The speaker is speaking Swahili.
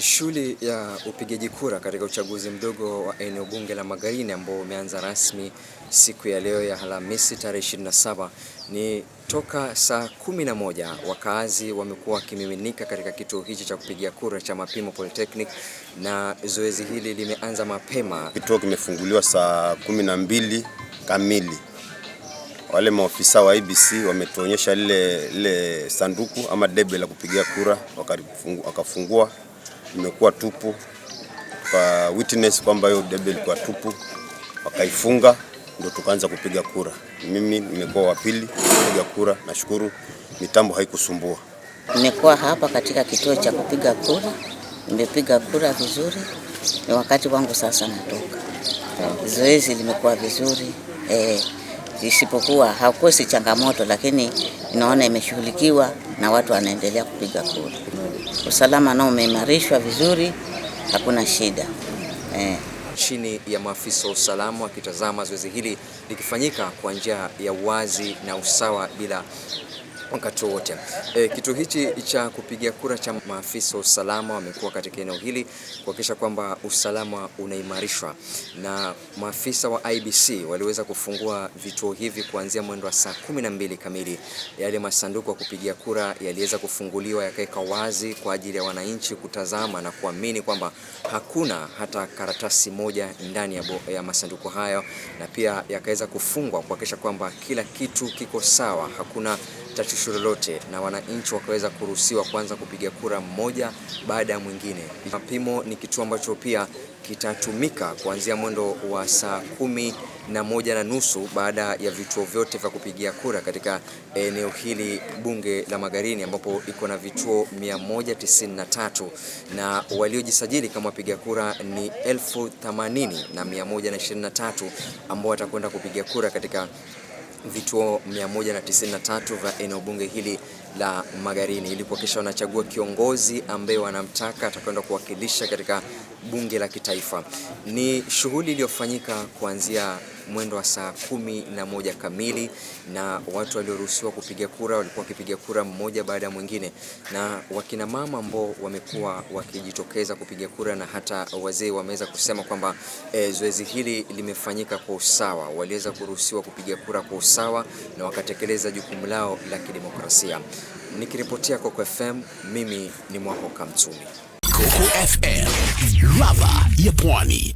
Shughuli ya upigaji kura katika uchaguzi mdogo wa eneo bunge la Magarini ambao umeanza rasmi siku ya leo ya Alhamisi tarehe 27 ni toka saa kumi na moja. wakaazi wamekuwa wakimiminika katika kituo hichi cha kupigia kura cha Mapimo Polytechnic na zoezi hili limeanza mapema. Kituo kimefunguliwa saa kumi na mbili kamili. Wale maofisa wa IBC wametuonyesha lile sanduku ama debe la kupigia kura, wakafungua imekuwa tupu kwa witness kwamba hiyo debe ilikuwa tupu, wakaifunga ndo tukaanza kupiga kura. Mimi nimekuwa wa pili kupiga kura, nashukuru mitambo haikusumbua. Nimekuwa hapa katika kituo cha kupiga kura, nimepiga kura vizuri, ni wakati wangu sasa natoka. Zoezi limekuwa vizuri eh isipokuwa hakosi changamoto, lakini inaona imeshughulikiwa na watu wanaendelea kupiga kura. Usalama nao umeimarishwa vizuri, hakuna shida eh. Chini ya maafisa wa usalama wakitazama zoezi hili likifanyika kwa njia ya uwazi na usawa bila wakati wote. E, eh, kitu hichi cha kupiga kura cha maafisa wa usalama wamekuwa katika eneo hili kuhakikisha kwamba usalama unaimarishwa, na maafisa wa IBC waliweza kufungua vituo hivi kuanzia mwendo wa saa kumi na mbili kamili. Yale masanduku ya kupigia kura yaliweza kufunguliwa yakaweka wazi kwa ajili ya wananchi kutazama na kuamini kwamba hakuna hata karatasi moja ndani ya, bo, ya masanduku hayo, na pia yakaweza kufungwa kuhakikisha kwamba kila kitu kiko sawa, hakuna tatizo ishu lolote na wananchi wakaweza kuruhusiwa kwanza kupiga kura mmoja baada ya mwingine. Mapimo ni kituo ambacho pia kitatumika kuanzia mwendo wa saa kumi na moja na nusu baada ya vituo vyote vya kupigia kura katika eneo hili bunge la Magarini ambapo iko na vituo 193 na waliojisajili kama wapiga kura ni elfu themanini na 123 ambao watakwenda kupiga kura katika vituo 193 vya eneo bunge hili la Magarini ili kuhakikisha wanachagua kiongozi ambaye wanamtaka atakwenda kuwakilisha katika bunge la kitaifa. Ni shughuli iliyofanyika kuanzia mwendo wa saa kumi na moja kamili na watu walioruhusiwa kupiga kura walikuwa wakipiga kura mmoja baada ya mwingine, na wakina mama ambao wamekuwa wakijitokeza kupiga kura na hata wazee wameweza kusema kwamba e, zoezi hili limefanyika kwa usawa, waliweza kuruhusiwa kupiga kura kwa usawa na wakatekeleza jukumu lao la kidemokrasia. Nikiripotia Coco FM, mimi ni mwako Mtumi. Coco FM, ladha ya Pwani.